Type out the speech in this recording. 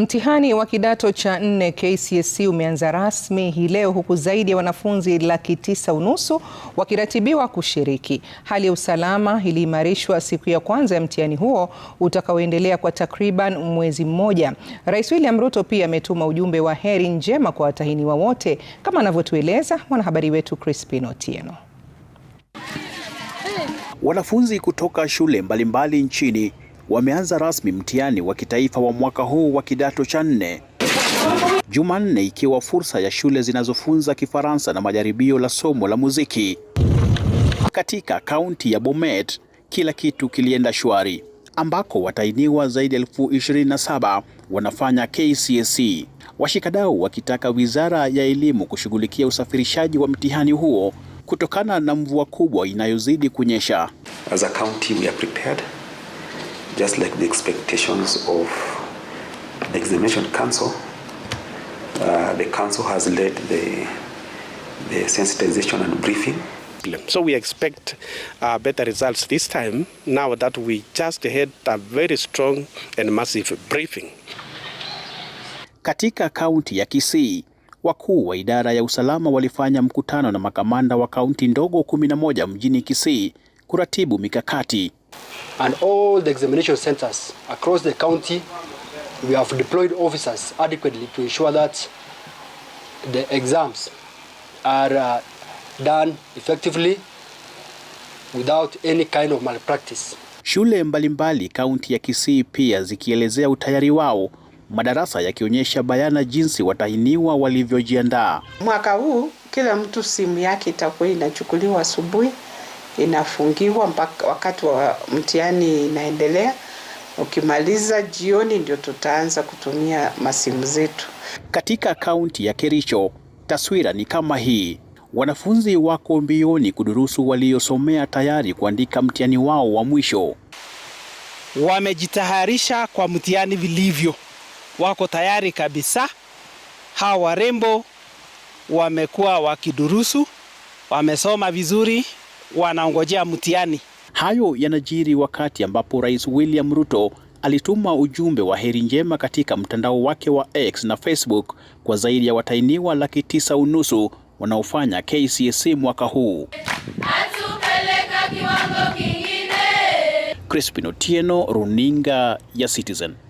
Mtihani wa kidato cha nne KCSE umeanza rasmi hii leo huku zaidi ya wanafunzi laki tisa unusu wakiratibiwa kushiriki. Hali ya usalama iliimarishwa siku ya kwanza ya mtihani huo utakaoendelea kwa takriban mwezi mmoja. Rais William Ruto pia ametuma ujumbe wa heri njema kwa watahiniwa wote, kama anavyotueleza mwanahabari wetu Crispin Otieno. Wanafunzi kutoka shule mbalimbali mbali nchini wameanza rasmi mtihani wa kitaifa wa mwaka huu wa kidato cha nne Jumanne, ikiwa fursa ya shule zinazofunza Kifaransa na majaribio la somo la muziki. Katika kaunti ya Bomet kila kitu kilienda shwari, ambako watainiwa zaidi ya elfu 27 wanafanya KCSE, washikadau wakitaka wizara ya elimu kushughulikia usafirishaji wa mtihani huo kutokana na mvua kubwa inayozidi kunyesha. As a county, we are prepared just like the expectations of the examination council, uh, the council has led the, the sensitization and briefing. So we expect uh, better results this time now that we just had a very strong and massive briefing. Katika kaunti ya Kisii, wakuu wa idara ya usalama walifanya mkutano na makamanda wa kaunti ndogo 11 mjini Kisii kuratibu mikakati And all the examination centers across the county, we have deployed officers adequately to ensure that the exams are uh, done effectively without any kind of malpractice. Shule mbalimbali kaunti ya Kisii pia zikielezea utayari wao, madarasa yakionyesha bayana jinsi watahiniwa walivyojiandaa. Mwaka huu kila mtu simu yake itakuwa inachukuliwa asubuhi inafungiwa mpaka wakati wa mtihani inaendelea. Ukimaliza jioni ndio tutaanza kutumia masimu zetu. Katika kaunti ya Kericho, taswira ni kama hii. Wanafunzi wako mbioni kudurusu waliosomea tayari kuandika mtihani wao wa mwisho. Wamejitayarisha kwa mtihani vilivyo, wako tayari kabisa. Hawa warembo wamekuwa wakidurusu, wamesoma vizuri wanaongojea mtihani. Hayo yanajiri wakati ambapo Rais William Ruto alituma ujumbe wa heri njema katika mtandao wake wa X na Facebook kwa zaidi ya watainiwa laki tisa unusu wanaofanya KCSE mwaka huu. Atupeleka Crispin Otieno, Runinga ya Citizen.